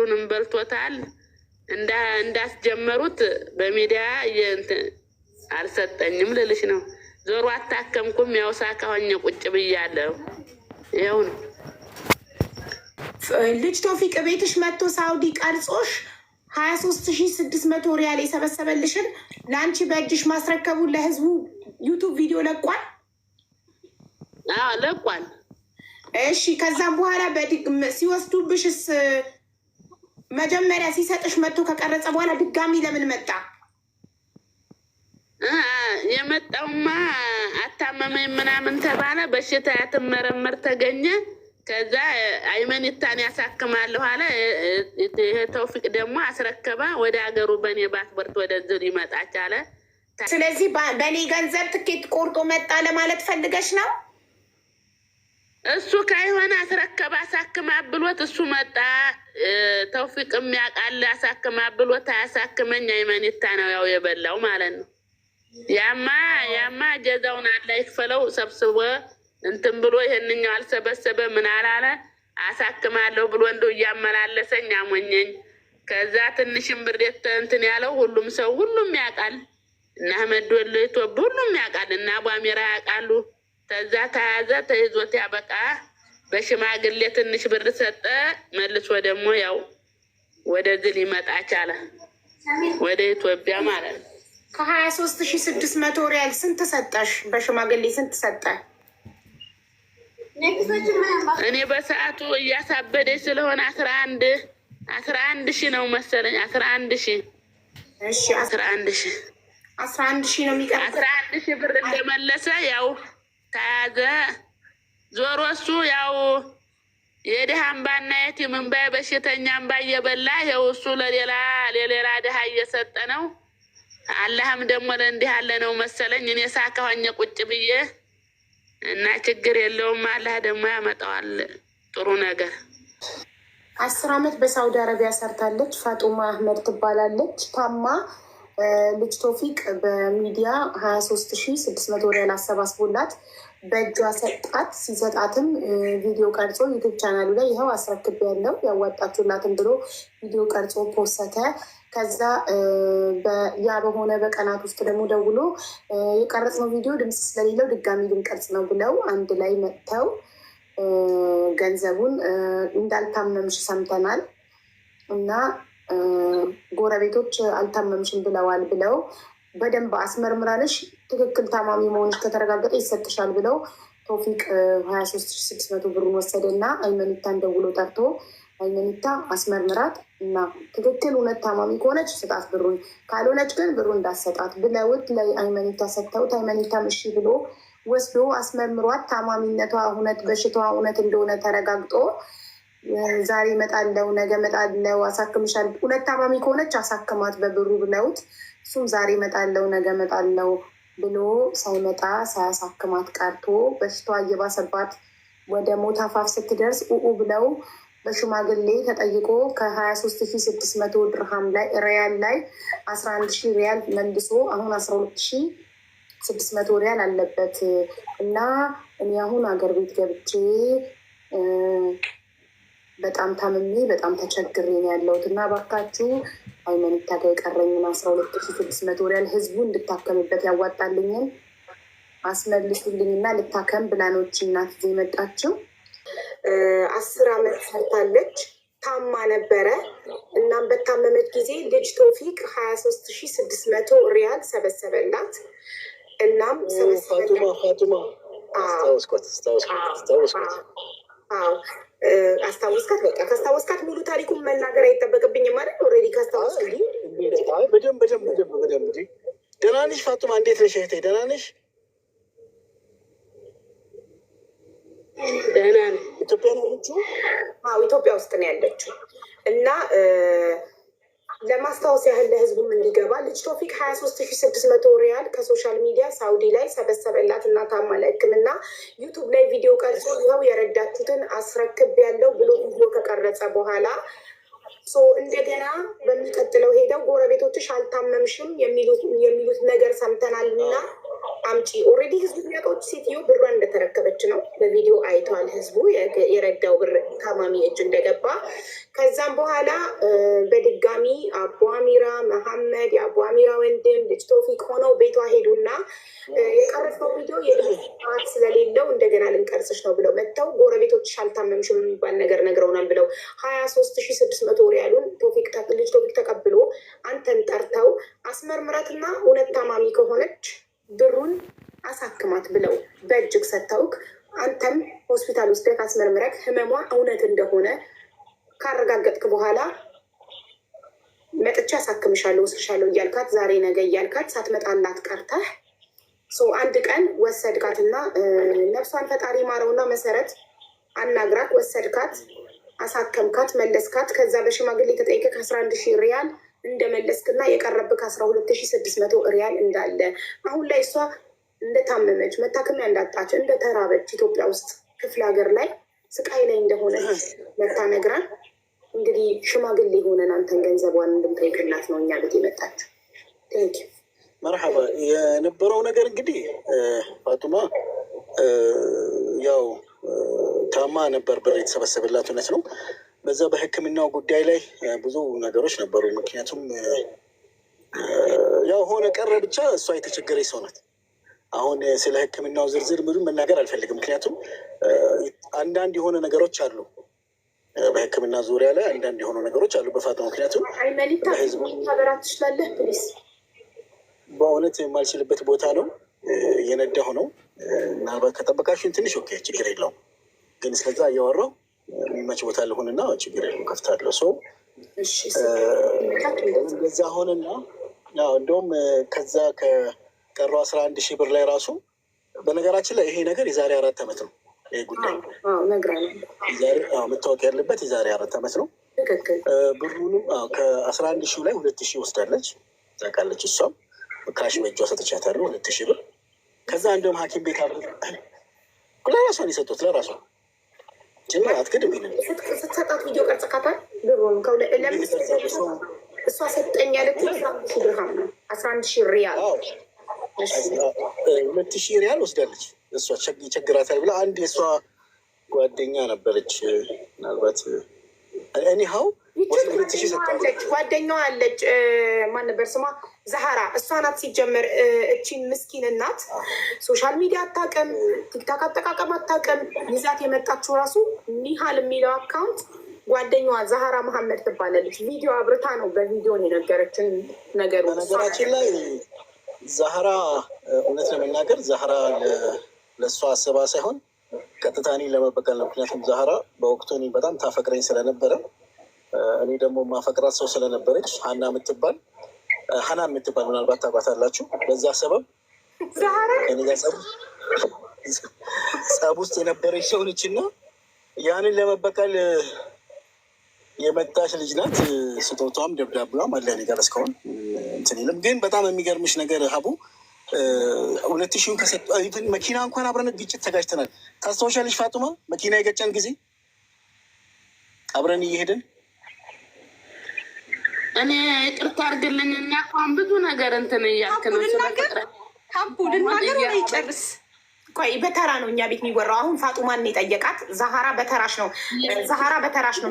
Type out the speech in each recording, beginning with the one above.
ሁሉንም በልቶታል። እንዳስጀመሩት በሚዲያ አልሰጠኝም ልልሽ ነው። ዞሮ አታከምኩም። ያው ሳካ ሆኜ ቁጭ ብያለሁ። ይኸው ነው ልጅ ቶፊቅ ቤትሽ መጥቶ ሳውዲ ቀርጾሽ ሀያ ሶስት ሺ ስድስት መቶ ሪያል የሰበሰበልሽን ለአንቺ በእጅሽ ማስረከቡ ለህዝቡ ዩቱብ ቪዲዮ ለቋል ለቋል። እሺ ከዛም በኋላ ሲወስዱብሽስ መጀመሪያ ሲሰጥሽ መጥቶ ከቀረጸ በኋላ ድጋሚ ለምን መጣ? የመጣውማ አታመመኝ ምናምን ተባለ። በሽታ ያትመረመር ተገኘ። ከዛ አይመኒታን ያሳክማለሁ አለ። ተውፊቅ ደግሞ አስረከበ። ወደ ሀገሩ በእኔ ባስፖርት ወደ ዝን ይመጣች አለ። ስለዚህ በእኔ ገንዘብ ትኬት ቆርጦ መጣ ለማለት ፈልገሽ ነው? እሱ ከይሆነ አስረከበ አሳክማ ብሎት እሱ መጣ። ተውፊቅ የሚያውቃል አሳክማ ብሎት አያሳክመኝ አይመኒታ ነው ያው የበላው ማለት ነው። ያማ ያማ ጀዛውን አላ ይክፈለው ሰብስቦ እንትን ብሎ ይህንኛው አልሰበሰበ ምን አላለ አሳክማለሁ ብሎ እንደው እያመላለሰኝ አሞኘኝ። ከዛ ትንሽም ብሬት እንትን ያለው ሁሉም ሰው ሁሉም ያውቃል እና አህመድ ወልቶብ ሁሉም ያውቃል እና ቧሜራ ያውቃሉ ከዛ ተያዘ ተይዞት ያበቃ በሽማግሌ ትንሽ ብር ሰጠ። መልሶ ደግሞ ያው ወደዚህ ሊመጣ ቻለ፣ ወደ ኢትዮጵያ ማለት ነው። ከሀያ ሶስት ሺ ስድስት መቶ ሪያል ስንት ሰጠሽ? በሽማግሌ ስንት ሰጠ? እኔ በሰዓቱ እያሳበደ ስለሆነ አስራ አንድ አስራ አንድ ሺ ነው መሰለኝ አስራ አንድ ሺ አስራ አንድ ሺ አስራ አንድ ሺ ነው የሚቀር አስራ አንድ ሺ ብር እንደመለሰ ያው ተያዘ። ዞሮ እሱ ያው የድሃ እምባና የቲም እምባ በሽተኛ እምባ እየበላ ይኸው እሱ ለሌላ ለሌላ ድሃ እየሰጠ ነው። አላህም ደግሞ ለእንዲህ ያለ ነው መሰለኝ። እኔ ሳካሆኜ ቁጭ ብዬ እና ችግር የለውም አላህ ደግሞ ያመጣዋል ጥሩ ነገር። አስር አመት በሳውዲ አረቢያ ሰርታለች። ፋጡማ አህመድ ትባላለች ታማ ልጅ ቶፊቅ በሚዲያ ሀያ ሶስት ሺ ስድስት መቶ ሪያል አሰባስቦላት በእጇ ሰጣት። ሲሰጣትም ቪዲዮ ቀርጾ ዩቱብ ቻናሉ ላይ ይኸው አስረክብ ያለው ያዋጣችሁላትን ብሎ ቪዲዮ ቀርጾ ፖሰተ። ከዛ ያ በሆነ በቀናት ውስጥ ደግሞ ደውሎ የቀረጽነው ቪዲዮ ድምፅ ስለሌለው ድጋሚ ልንቀርጽ ነው ብለው አንድ ላይ መጥተው ገንዘቡን እንዳልታመምሽ ሰምተናል እና ጎረቤቶች አልታመምሽም ብለዋል ብለው በደንብ አስመርምራለሽ ትክክል ታማሚ መሆንሽ ከተረጋገጠ ይሰጥሻል ብለው ቶፊቅ ሀያ ሶስት ሺህ ስድስት መቶ ብሩን ወሰደ እና አይመኒታን ደውሎ ጠርቶ አይመኒታ አስመርምራት እና ትክክል እውነት ታማሚ ከሆነች ስጣት ብሩን፣ ካልሆነች ግን ብሩን እንዳሰጣት ብለውት አይመኒታ ሰጥተውት አይመኒታ እሺ ብሎ ወስዶ አስመርምሯት ታማሚነቷ እውነት በሽታዋ እውነት እንደሆነ ተረጋግጦ ዛሬ እመጣለሁ፣ ነገ እመጣለሁ፣ አሳክምሻለሁ። ሁለት ታማሚ ከሆነች አሳክማት በብሩ ብለውት እሱም ዛሬ እመጣለሁ፣ ነገ እመጣለሁ ብሎ ሳይመጣ ሳያሳክማት ቀርቶ በሽታዋ እየባሰባት ወደ ሞት አፋፍ ስትደርስ ኡኡ ብለው በሽማግሌ ተጠይቆ ከሀያ ሶስት ሺ ስድስት መቶ ድርሃም ላይ ሪያል ላይ አስራ አንድ ሺ ሪያል መልሶ አሁን አስራ ሁለት ሺ ስድስት መቶ ሪያል አለበት እና እኔ አሁን አገር ቤት ገብቼ በጣም ታምሜ በጣም ተቸግሬ ነው ያለሁት እና እባካችሁ አይመን ታጋይ የቀረኝን አስራ ሁለት ሺ ስድስት መቶ ሪያል ህዝቡ እንድታከምበት ያዋጣልኝን አስመልሱልኝ እና ልታከም ብላኖች እናት ዜ መጣችው። አስር አመት ሰርታለች። ታማ ነበረ። እናም በታመመች ጊዜ ልጅ ቶፊቅ ሀያ ሶስት ሺ ስድስት መቶ ሪያል ሰበሰበላት። እናም ሰበሰበላት አስታወስካት። በቃ ካስታወስካት ሙሉ ታሪኩን መናገር አይጠበቅብኝም ማለት ኦልሬዲ ካስታወስክ በደንብ በደንብ በደንብ በደንብ። ደህና ነሽ ፋጡማ? እንዴት ነሽ እህቴ? ደህና ነሽ? ደህና ኢትዮጵያ ነው ያለችው? ኢትዮጵያ ውስጥ ነው ያለችው እና ለማስታወስ ያህል ለህዝቡም እንዲገባ ልጅ ቶፊክ ሀያ ሶስት ሺ ስድስት መቶ ሪያል ከሶሻል ሚዲያ ሳውዲ ላይ ሰበሰበላት እና ታማ ለሕክምና ዩቱብ ላይ ቪዲዮ ቀርጾ ይኸው የረዳችሁትን አስረክብ ያለው ብሎ ቪዲዮ ከቀረጸ በኋላ እንደገና በሚቀጥለው ሄደው ጎረቤቶችሽ አልታመምሽም የሚሉት ነገር ሰምተናል እና አምጪ ኦልሬዲ ህዝቡ የሚያውቀው ሴትዮ ብሯን እንደተረከበች ነው። በቪዲዮ አይተዋል ህዝቡ የረዳው ብር ታማሚ እጅ እንደገባ። ከዛም በኋላ በድጋሚ አቡ አሚራ መሐመድ የአቡ አሚራ ወንድም ልጅ ቶፊቅ ሆነው ቤቷ ሄዱና የቀረፈው ቪዲዮ የድት ስለሌለው እንደገና ልንቀርጽሽ ነው ብለው መጥተው ጎረቤቶች አልታመምሽም የሚባል ነገር ነግረውናል ብለው ሀያ ሶስት ሺ ስድስት መቶ ሪያሉን ልጅ ቶፊቅ ተቀብሎ አንተን ጠርተው አስመርምረትና እውነት ታማሚ ከሆነች ብሩን አሳክማት ብለው በእጅግ ሰጥተውክ አንተም ሆስፒታል ውስጥ አስመርምረክ ህመሟ እውነት እንደሆነ ካረጋገጥክ በኋላ መጥቼ አሳክምሻለሁ ወስድሻለሁ እያልካት ዛሬ ነገ እያልካት ሳትመጣላት ቀርተህ አንድ ቀን ወሰድካትና ነፍሷን ፈጣሪ ማረውና መሰረት አናግራክ ወሰድካት፣ አሳከምካት፣ መለስካት። ከዛ በሽማግሌ ተጠይቀ ከአስራ አንድ ሺህ ሪያል እንደመለስክና የቀረብክ አስራ ሁለት ሺ ስድስት መቶ ሪያል እንዳለ አሁን ላይ እሷ እንደታመመች መታከሚያ እንዳጣች እንደተራበች ኢትዮጵያ ውስጥ ክፍለ ሀገር ላይ ስቃይ ላይ እንደሆነ መታ እንግዲህ ሽማግሌ የሆነን አንተን ገንዘቧን እንድንጠይቅላት ነው እኛ ቤት የመጣችው። መርሓባ የነበረው ነገር እንግዲህ ፋጡማ ያው ታማ ነበር ብር የተሰበሰበላት እውነት ነው። በዛ በህክምናው ጉዳይ ላይ ብዙ ነገሮች ነበሩ። ምክንያቱም ያው ሆነ ቀረ ብቻ እሷ የተቸገረች ሰው ናት። አሁን ስለ ህክምናው ዝርዝር ምንም መናገር አልፈልግም። ምክንያቱም አንዳንድ የሆነ ነገሮች አሉ፣ በህክምና ዙሪያ ላይ አንዳንድ የሆኑ ነገሮች አሉ በፋት ምክንያቱም በእውነት የማልችልበት ቦታ ነው። እየነዳሁ ነው እና ከጠበቃሽን ትንሽ ኦኬ፣ ችግር የለውም ግን ስለዛ እያወራሁ የሚመች ቦታ ልሆንና ችግር የለም ከፍታለሁ። ሰው እንደዛ ሆንና እንደውም ከዛ ከቀሩ አስራ አንድ ሺህ ብር ላይ ራሱ በነገራችን ላይ ይሄ ነገር የዛሬ አራት ዓመት ነው። ይሄ ጉዳይ መታወቅ ያለበት የዛሬ አራት ዓመት ነው። ብሩኑ ከአስራ አንድ ሺህ ላይ ሁለት ሺህ ወስዳለች ታውቃለች። እሷም ካሽ በእጇ ሰጥቻታለሁ ሁለት ሺህ ብር። ከዛ እንደውም ሐኪም ቤት ለራሷን የሰጡት ለራሷን ስትሰጣት ቪዲዮ ቀርጽካታል። ብሩን እሷ ሰጠኝ ያለችው አስራ አንድ ሺህ ሪያል ሁለት ሺህ ሪያል ወስዳለች። እሷ ቸግራታል ብላ አንድ የእሷ ጓደኛ ነበረች። ምናልባት እኔ ጓደኛዋ አለች። ማን ነበር ስማ ዛሃራ እሷ ናት ሲጀመር እቺን ምስኪን እናት ሶሻል ሚዲያ አታውቅም፣ ቲክታክ አጠቃቀም አታውቅም። ይዛት የመጣችው ራሱ ኒሃል የሚለው አካውንት ጓደኛዋ ዛሃራ መሐመድ ትባላለች። ቪዲዮ አብርታ ነው በቪዲዮ የነገረችን ነገር። በነገራችን ላይ ዛሃራ እውነት ለመናገር ዛህራ ለእሷ አስባ ሳይሆን ቀጥታ እኔ ለመበቀል ነው። ምክንያቱም ዛህራ በወቅቱ እኔ በጣም ታፈቅረኝ ስለነበረ እኔ ደግሞ ማፈቅራት ሰው ስለነበረች ሀና የምትባል ሀና የምትባል ምናልባት ታውቃታላችሁ። በዛ ሰበብ ጸብ ውስጥ የነበረች ሰው ልጅ እና ያንን ለመበቀል የመጣች ልጅ ናት። ስጦቷም ደብዳቤዋም አለ እኔ ጋር እስካሁን እንትን የለም። ግን በጣም የሚገርምሽ ነገር ሀቡ ሁለት ሺህ ከሰጡ መኪና እንኳን አብረን ግጭት ተጋጭተናል። ታስታውሻለሽ ፋጡማ? መኪና የገጨን ጊዜ አብረን እየሄደን እኔ ይቅርታ አድርግልኝ እና እንኳን ብዙ ነገር እንትን እያልክ ነው። ሀቡ ልናገር ወይ ጨርስ። ቆይ በተራ ነው እኛ ቤት የሚወራው። አሁን ፋጡማን የጠየቃት ዛሀራ በተራሽ ነው። ዛሀራ በተራሽ ነው።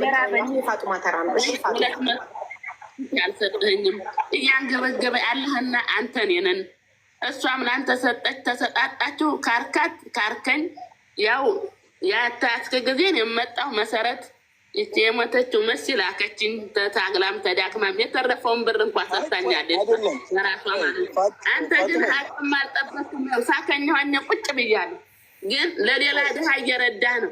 ፋጡማ ተራ ነው። እሺ አልሰጥህኝም። እያንገበገበ ያለህና አንተን የነን እሷም ለአንተ ሰጠች። ተሰጣጣችሁ ካርካት ካርከኝ ያው ያታስከ ጊዜን የመጣው መሰረት ይቺ የሞተችው መሲ ላከችኝ። ተታግላም ተዳክማም የተረፈውን ብር እንኳ ሳሳኛለች ራሷ ማለት ነው። አንተ ግን አቅም አልጠበኩም። ሳከኛኋኛ ቁጭ ብያለሁ፣ ግን ለሌላ ድሃ እየረዳ ነው።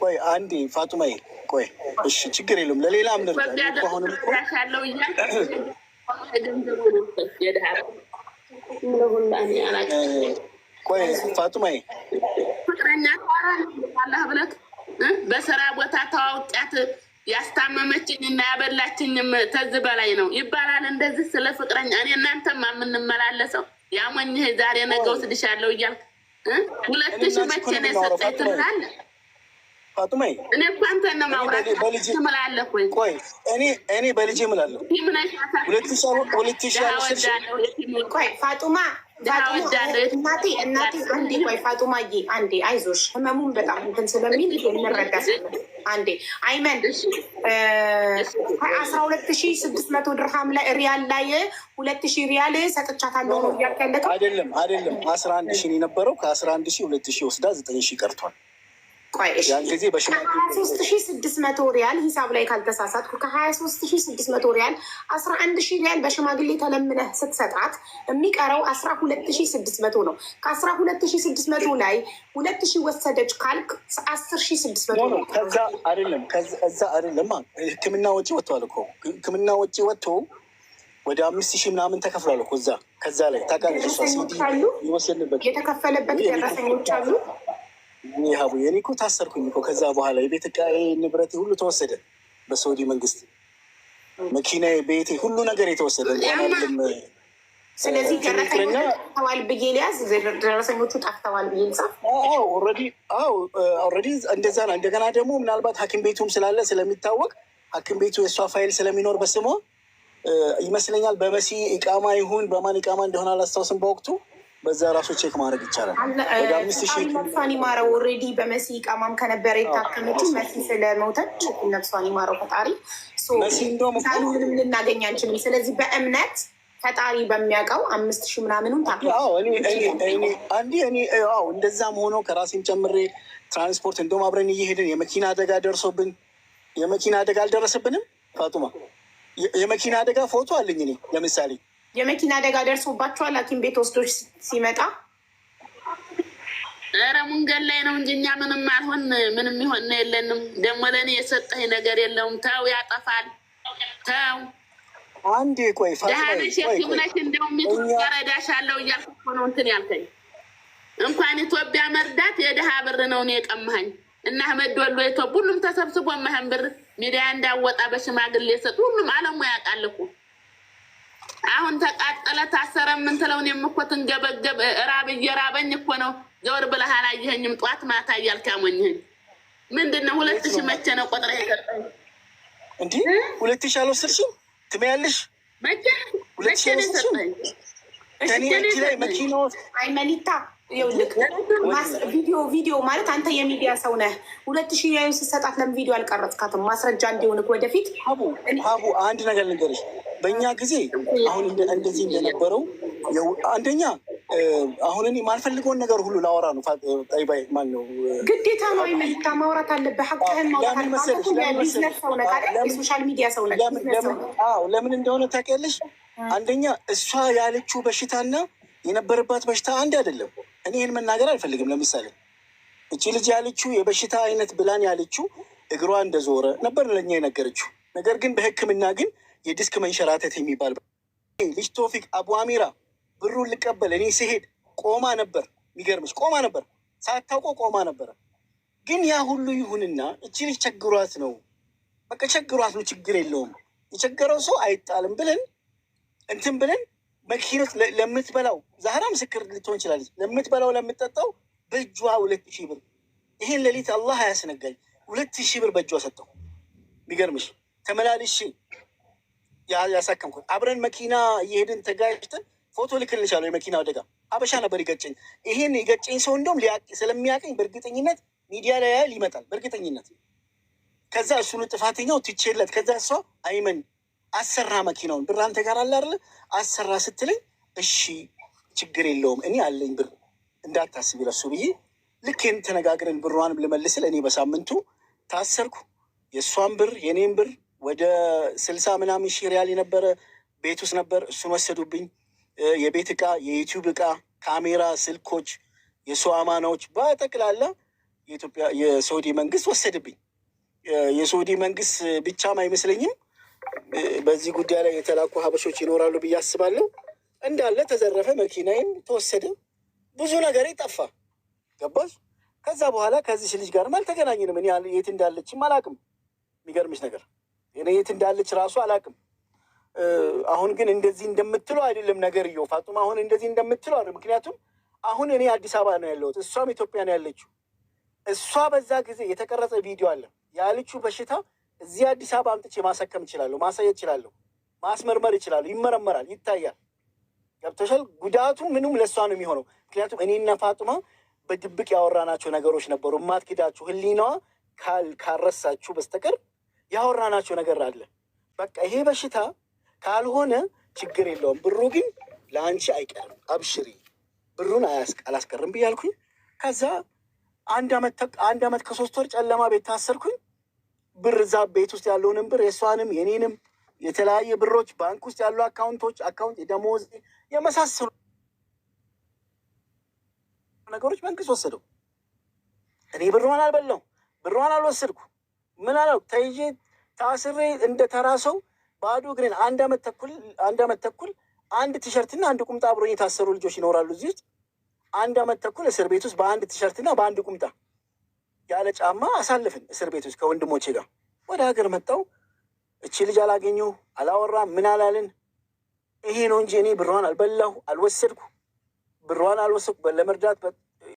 ቆይ አንዴ ፋጡማዬ፣ ቆይ እሺ፣ ችግር የለም ለሌላ ምንርዳሻለው እያል ቆይ ፋጡማዬ ፍቅረኛ ታራ አላህ ብለት በስራ ቦታ ተዋውቂያት ያስታመመችኝና ያበላችኝም ተዝ በላይ ነው ይባላል። እንደዚህ ስለ ፍቅረኛ እኔ እናንተም የምንመላለሰው ያሞኝ ዛሬ ነገ ወስድሻለሁ እያልክ ሁለት ሺህ መቼ ነው የሰጠኝ ትምላለህ? እኔ እኮ አንተን ነው ማውራት ትምላለህ? ቆይ እኔ በልጄ እምላለሁ ሁለት ሺህ አልወሰድሽም። ቆይ ፋጡማ እናቴ እናቴ አንዴ ወይ ፋጡማዬ አንዴ አይዞሽ፣ ህመሙን በጣም እንትን ስለሚል እንረዳ አንዴ አይመን አስራ ሁለት ሺ ስድስት መቶ ድርሃም ላይ ሪያል ላይ ሁለት ሺ ሪያል ሰጥቻታለሁ። አይደለም አይደለም፣ አስራ አንድ ሺ የነበረው ከአስራ አንድ ሺ ሁለት ሺ ወስዳ ዘጠኝ ሺ ቀርቷል። ቆይ ከሀያ ሶስት ሺ ስድስት መቶ ሪያል ሂሳብ ላይ ካልተሳሳትኩ ከሀያ ሶስት ሺ ስድስት መቶ ሪያል አስራ አንድ ሺ ሪያል በሽማግሌ ተለምነህ ስትሰጣት የሚቀረው አስራ ሁለት ሺ ስድስት መቶ ነው። ከአስራ ሁለት ሺ ስድስት መቶ ላይ ሁለት ሺ ወሰደች ካልክ አስር ሺ ስድስት መቶ ነው። ከዛ አይደለም ከዛ አይደለም ሕክምና ወጪ ወጥተዋል እኮ ሕክምና ወጪ ወጥቶ ወደ አምስት ሺህ ምናምን ተከፍሏል እኮ እዛ ከዛ ላይ ታውቃለች የተከፈለበት ደረሰኞች አሉ ሀቡ የኔ እኮ ታሰርኩኝ እኮ ከዛ በኋላ የቤት ዕቃዬ ንብረት ሁሉ ተወሰደ በሳውዲ መንግስት። መኪና፣ ቤቴ፣ ሁሉ ነገር የተወሰደ ስለዚህ ደረሰኞችጠፍተዋል ብዬ ሊያዝ ደረሰኞቹ ጠፍተዋል ብዬ ልጻፍ። ኦልሬዲ እንደዛ ነው። እንደገና ደግሞ ምናልባት ሀኪም ቤቱም ስላለ ስለሚታወቅ ሀኪም ቤቱ የእሷ ፋይል ስለሚኖር በስሞ ይመስለኛል በመሲ እቃማ ይሁን በማን እቃማ እንደሆነ አላስታውስም በወቅቱ በዛ ራሱ ቼክ ማድረግ ይቻላል። ነፍሷን ይማረው። ኦልሬዲ በመሲ ቃማም ከነበረ የታከመች መሲ ስለሞተች ነፍሷን ይማረው ፈጣሪ። ምንም ልናገኝ አንችልም። ስለዚህ በእምነት ፈጣሪ በሚያውቀው አምስት ሺህ ምናምኑን ው እንደዛም ሆኖ ከራሴም ጨምሬ ትራንስፖርት እንደውም አብረን እየሄድን የመኪና አደጋ ደርሶብን የመኪና አደጋ አልደረሰብንም። ፋጡማ የመኪና አደጋ ፎቶ አለኝ እኔ ለምሳሌ የመኪና አደጋ ደርሶባቸዋል። ሐኪም ቤት ወስዶች ሲመጣ ኧረ ሙንገድ ላይ ነው እንጂ እኛ ምንም አልሆን ምንም ይሆን የለንም። ደግሞ ለእኔ የሰጠኝ ነገር የለውም። ተው ያጠፋል። ተው አንዴ ቆይ ዳህነሽ እንደውም የትረዳሻለው እያልኩ እኮ ነው እንትን ያልከኝ። እንኳን ኢትዮጵያ መርዳት የድሃ ብር ነው እኔ የቀማኸኝ እና አህመድ ወሎ ኢትዮጵያ ሁሉም ተሰብስቦ መህን ብር ሚዲያ እንዳወጣ በሽማግሌ ሰጥ ሁሉም አለሙ ያውቃል እኮ አሁን ተቃጠለ ታሰረ የምንትለውን የምኮትን ገበገብ ራብ እየራበኝ እኮ ነው። ዘወር ብለህ አላየኸኝም? ጠዋት ማታ እያልካሞኝህን ምንድን ነው? ሁለት ሺህ መቼ ነው ቆጥረ የሰጠኝ? እንዲህ ሁለት ሺህ አልወሰድሽም ትመያለሽ። መቼ መቼ ነው የሰጠኝ? መኪና ላይ መኪና አይመኒታ ቪዲዮ ቪዲዮ ማለት አንተ የሚዲያ ሰው ነህ። ሁለት ሺ ያዩ ስሰጣት ለምን ቪዲዮ አልቀረጽካትም? ማስረጃ እንዲሆን ወደፊት። ሀቡ ሀቡ አንድ ነገር ልንገርሽ፣ በእኛ ጊዜ አሁን እንደዚህ እንደነበረው አንደኛ አሁን እኔ ማልፈልገውን ነገር ሁሉ ላወራ ነው። ጠይባይ ማን ነው ግዴታ ነው ይመልካ ማውራት አለብህ። ሀብትህን ማውራትቢዝነስ ሚዲያ ሰው ነህ። ለምን እንደሆነ ታውቂያለሽ? አንደኛ እሷ ያለችው በሽታና የነበረባት በሽታ አንድ አይደለም። እኔ ይህን መናገር አልፈልግም። ለምሳሌ እቺ ልጅ ያለችው የበሽታ አይነት ብላን ያለችው እግሯ እንደዞረ ነበር ለኛ የነገረችው። ነገር ግን በሕክምና ግን የዲስክ መንሸራተት የሚባል ልጅ ቶፊቅ አቡ አሚራ ብሩን ልቀበል እኔ ስሄድ ቆማ ነበር። የሚገርምሽ ቆማ ነበር፣ ሳታውቀው ቆማ ነበረ። ግን ያ ሁሉ ይሁንና እቺ ልጅ ቸግሯት ነው፣ በቃ ቸግሯት ነው፣ ችግር የለውም የቸገረው ሰው አይጣልም ብለን እንትን ብለን መኪኖች ለምትበላው ዛህራ ምስክር ልትሆን ይችላለች። ለምትበላው ለምትጠጣው በእጇ ሁለት ሺህ ብር ይህን ሌሊት አላህ አያስነጋኝ ሁለት ሺህ ብር በእጇ ሰጠው። የሚገርምሽ ተመላልሽ ያሳከምኩት አብረን መኪና እየሄድን ተጋጭተን ፎቶ ልክልሻለሁ። የመኪና አደጋ አበሻ ነበር ይገጨኝ። ይህን ይገጨኝ ሰው እንደውም ስለሚያቀኝ በእርግጠኝነት ሚዲያ ላይ ያህል ይመጣል በእርግጠኝነት። ከዛ እሱን ጥፋተኛው ትቼለት ከዛ ሰው አይመን አሰራ መኪናውን ብር አንተ ጋር አለ አይደለ? አሰራ ስትለኝ እሺ ችግር የለውም እኔ አለኝ ብር እንዳታስብ ይለሱ ብዬ ልኬን ተነጋግረን ብሯን ልመልስል እኔ በሳምንቱ ታሰርኩ። የእሷን ብር የኔን ብር ወደ ስልሳ ምናምን ሺህ ሪያል የነበረ ቤት ውስጥ ነበር። እሱን ወሰዱብኝ። የቤት እቃ፣ የዩቲዩብ እቃ ካሜራ፣ ስልኮች፣ የሰው አማናዎች በጠቅላላ የኢትዮጵያ የሳውዲ መንግስት ወሰድብኝ። የሳውዲ መንግስት ብቻም አይመስለኝም በዚህ ጉዳይ ላይ የተላኩ ሀበሾች ይኖራሉ ብዬ አስባለሁ። እንዳለ ተዘረፈ፣ መኪናዬም ተወሰደ፣ ብዙ ነገር ጠፋ። ገባሽ? ከዛ በኋላ ከዚች ልጅ ጋርም አልተገናኝንም። እኔ የት እንዳለችም አላቅም። የሚገርምሽ ነገር እኔ የት እንዳለች ራሱ አላቅም። አሁን ግን እንደዚህ እንደምትለው አይደለም ነገር እየው ፋጡም፣ አሁን እንደዚህ እንደምትለው አይደለም። ምክንያቱም አሁን እኔ አዲስ አበባ ነው ያለሁት፣ እሷም ኢትዮጵያ ነው ያለችው። እሷ በዛ ጊዜ የተቀረጸ ቪዲዮ አለ ያለችው በሽታ እዚህ አዲስ አበባ አምጥቼ ማሰከም እችላለሁ፣ ማሳየት እችላለሁ፣ ማስመርመር እችላለሁ። ይመረመራል፣ ይታያል። ገብቶሻል? ጉዳቱ ምንም ለእሷ ነው የሚሆነው። ምክንያቱም እኔና ፋጡማ በድብቅ ያወራናቸው ነገሮች ነበሩ። የማትክዳችሁ ህሊናዋ ካረሳችሁ በስተቀር ያወራናቸው ነገር አለ። በቃ ይሄ በሽታ ካልሆነ ችግር የለውም፣ ብሩ ግን ለአንቺ አይቀርም፣ አብሽሪ ብሩን አላስቀርም ብያልኩኝ። ከዛ አንድ አመት ከሶስት ወር ጨለማ ቤት ታሰርኩኝ። ብር እዛ ቤት ውስጥ ያለውንም ብር የእሷንም የኔንም የተለያየ ብሮች ባንክ ውስጥ ያሉ አካውንቶች አካውንት የደሞዝ የመሳሰሉ ነገሮች መንግስት ወሰደው። እኔ ብሯን አልበላው፣ ብሯን አልወሰድኩ። ምን አለው ተይዤ ታስሬ እንደ ተራ ሰው ባዶ እግሬን አንድ አመት ተኩል አንድ አመት ተኩል አንድ ቲሸርትና አንድ ቁምጣ አብሮኝ የታሰሩ ልጆች ይኖራሉ እዚህ ውስጥ አንድ አመት ተኩል እስር ቤት ውስጥ በአንድ ቲሸርትና በአንድ ቁምጣ ያለ ጫማ አሳልፍን እስር ቤት ውስጥ ከወንድሞቼ ጋር ወደ ሀገር መጣው። እቺ ልጅ አላገኙ አላወራ፣ ምን አላልን። ይሄ ነው እንጂ እኔ ብሯን አልበላሁ፣ አልወሰድኩ፣ ብሯን አልወሰድኩ ለመርዳት